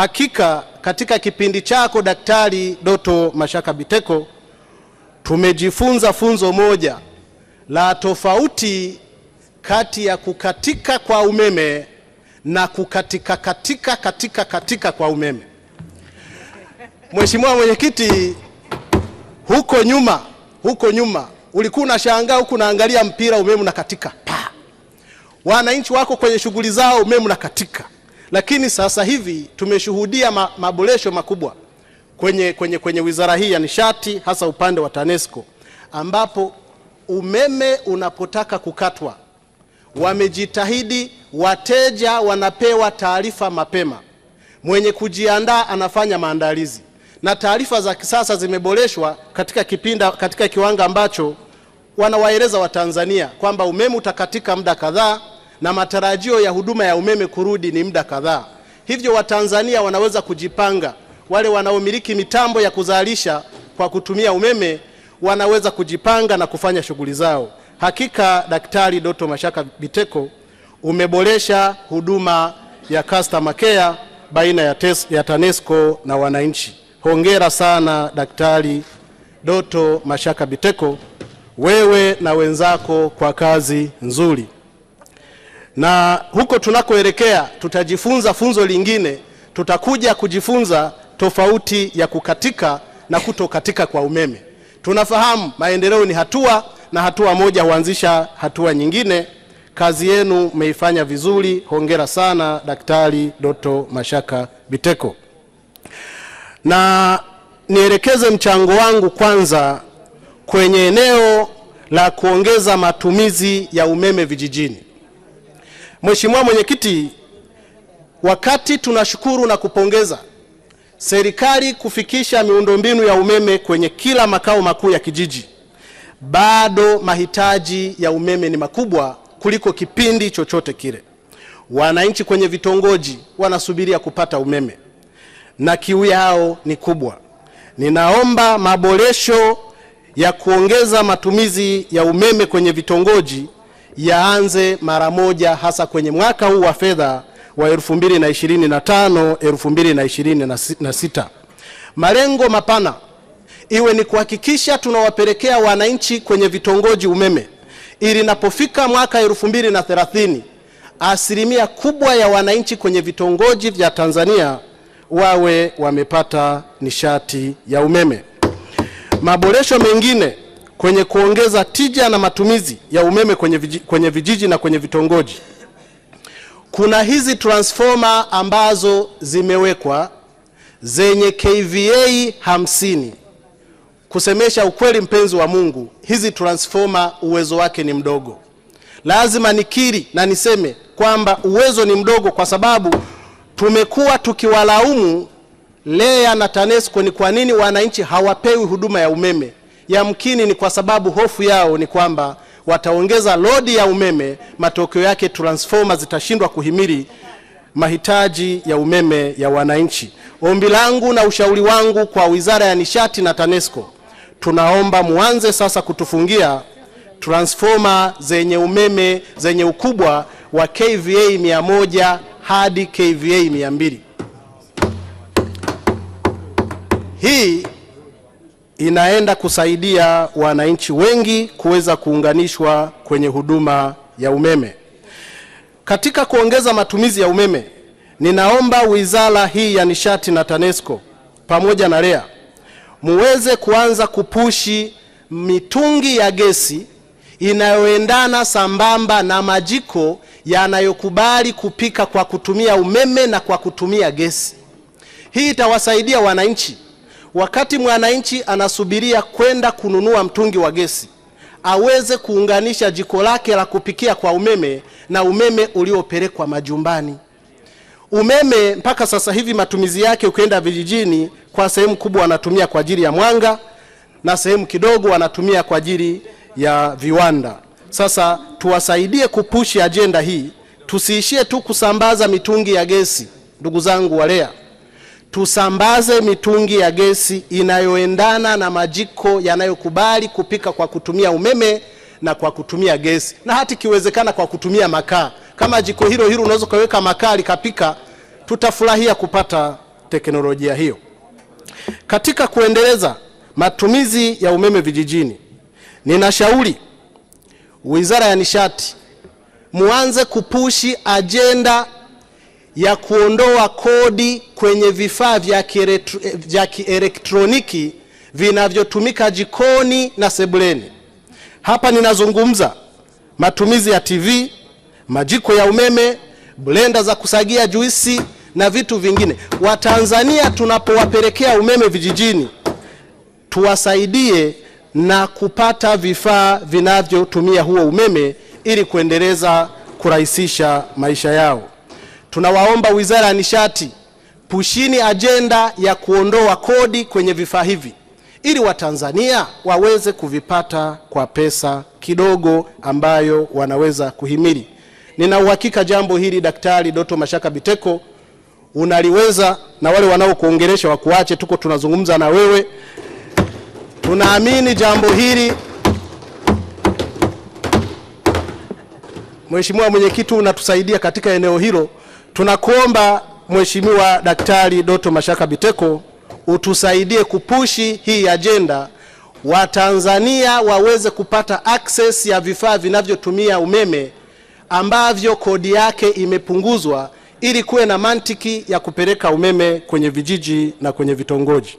Hakika katika kipindi chako Daktari Doto Mashaka Biteko tumejifunza funzo moja la tofauti kati ya kukatika kwa umeme na kukatika katika katika katika kwa umeme. Mheshimiwa Mwenyekiti, huko nyuma huko nyuma ulikuwa unashangaa huku unaangalia mpira umeme unakatika, wananchi wako kwenye shughuli zao umeme unakatika. Lakini sasa hivi tumeshuhudia ma, maboresho makubwa kwenye, kwenye, kwenye wizara hii ya nishati hasa upande wa TANESCO ambapo umeme unapotaka kukatwa wamejitahidi, wateja wanapewa taarifa mapema, mwenye kujiandaa anafanya maandalizi, na taarifa za kisasa zimeboreshwa katika kipinda, katika kiwango ambacho wanawaeleza Watanzania kwamba umeme utakatika muda kadhaa na matarajio ya huduma ya umeme kurudi ni muda kadhaa. Hivyo Watanzania wanaweza kujipanga. Wale wanaomiliki mitambo ya kuzalisha kwa kutumia umeme wanaweza kujipanga na kufanya shughuli zao. Hakika Daktari Doto Mashaka Biteko umeboresha huduma ya customer care baina ya, tes, ya TANESCO na wananchi. Hongera sana Daktari Doto Mashaka Biteko, wewe na wenzako kwa kazi nzuri na huko tunakoelekea tutajifunza funzo lingine, tutakuja kujifunza tofauti ya kukatika na kutokatika kwa umeme. Tunafahamu maendeleo ni hatua na hatua moja huanzisha hatua nyingine. Kazi yenu mmeifanya vizuri, hongera sana Daktari Doto Mashaka Biteko. Na nielekeze mchango wangu kwanza kwenye eneo la kuongeza matumizi ya umeme vijijini. Mheshimiwa Mwenyekiti, wakati tunashukuru na kupongeza serikali kufikisha miundombinu ya umeme kwenye kila makao makuu ya kijiji, bado mahitaji ya umeme ni makubwa kuliko kipindi chochote kile. Wananchi kwenye vitongoji wanasubiria kupata umeme na kiu yao ni kubwa. Ninaomba maboresho ya kuongeza matumizi ya umeme kwenye vitongoji yaanze mara moja, hasa kwenye mwaka huu wa fedha wa 2025 2026. Malengo mapana iwe ni kuhakikisha tunawapelekea wananchi kwenye vitongoji umeme ili napofika mwaka 2030 asilimia kubwa ya wananchi kwenye vitongoji vya Tanzania wawe wamepata nishati ya umeme. Maboresho mengine kwenye kuongeza tija na matumizi ya umeme kwenye vijiji, kwenye vijiji na kwenye vitongoji. Kuna hizi transformer ambazo zimewekwa zenye kVA hamsini. Kusemesha ukweli, mpenzi wa Mungu, hizi transformer uwezo wake ni mdogo. Lazima nikiri na niseme kwamba uwezo ni mdogo, kwa sababu tumekuwa tukiwalaumu Lea na TANESCO ni kwa nini wananchi hawapewi huduma ya umeme yamkini ni kwa sababu hofu yao ni kwamba wataongeza lodi ya umeme, matokeo yake transformer zitashindwa kuhimili mahitaji ya umeme ya wananchi. Ombi langu na ushauri wangu kwa Wizara ya Nishati na TANESCO, tunaomba muanze sasa kutufungia transformer zenye umeme zenye ukubwa wa kVA moja hadi kVA mbili. Hii inaenda kusaidia wananchi wengi kuweza kuunganishwa kwenye huduma ya umeme. Katika kuongeza matumizi ya umeme, ninaomba wizara hii ya nishati na TANESCO pamoja na REA muweze kuanza kupushi mitungi ya gesi inayoendana sambamba na majiko yanayokubali kupika kwa kutumia umeme na kwa kutumia gesi. Hii itawasaidia wananchi Wakati mwananchi anasubiria kwenda kununua mtungi wa gesi, aweze kuunganisha jiko lake la kupikia kwa umeme na umeme uliopelekwa majumbani. Umeme mpaka sasa hivi matumizi yake, ukienda vijijini, kwa sehemu kubwa wanatumia kwa ajili ya mwanga na sehemu kidogo wanatumia kwa ajili ya viwanda. Sasa tuwasaidie kupushi ajenda hii, tusiishie tu kusambaza mitungi ya gesi, ndugu zangu walea tusambaze mitungi ya gesi inayoendana na majiko yanayokubali kupika kwa kutumia umeme na kwa kutumia gesi na hata ikiwezekana kwa kutumia makaa. Kama jiko hilo hilo unaweza ukaweka makaa likapika, tutafurahia kupata teknolojia hiyo. Katika kuendeleza matumizi ya umeme vijijini, ninashauri Wizara ya Nishati muanze kupushi ajenda ya kuondoa kodi kwenye vifaa vya kielektroniki vinavyotumika jikoni na sebuleni. Hapa ninazungumza matumizi ya TV, majiko ya umeme, blenda za kusagia juisi na vitu vingine. Watanzania tunapowapelekea umeme vijijini, tuwasaidie na kupata vifaa vinavyotumia huo umeme ili kuendeleza kurahisisha maisha yao. Tunawaomba Wizara ya Nishati, pushini ajenda ya kuondoa kodi kwenye vifaa hivi ili Watanzania waweze kuvipata kwa pesa kidogo ambayo wanaweza kuhimili. Nina uhakika jambo hili Daktari Doto Mashaka Biteko unaliweza, na wale wanaokuongelesha wakuache, tuko tunazungumza na wewe. Tunaamini jambo hili Mheshimiwa Mwenyekiti, unatusaidia katika eneo hilo. Tunakuomba Mheshimiwa Daktari Doto Mashaka Biteko utusaidie kupushi hii ajenda, Watanzania waweze kupata access ya vifaa vinavyotumia umeme ambavyo kodi yake imepunguzwa ili kuwe na mantiki ya kupeleka umeme kwenye vijiji na kwenye vitongoji.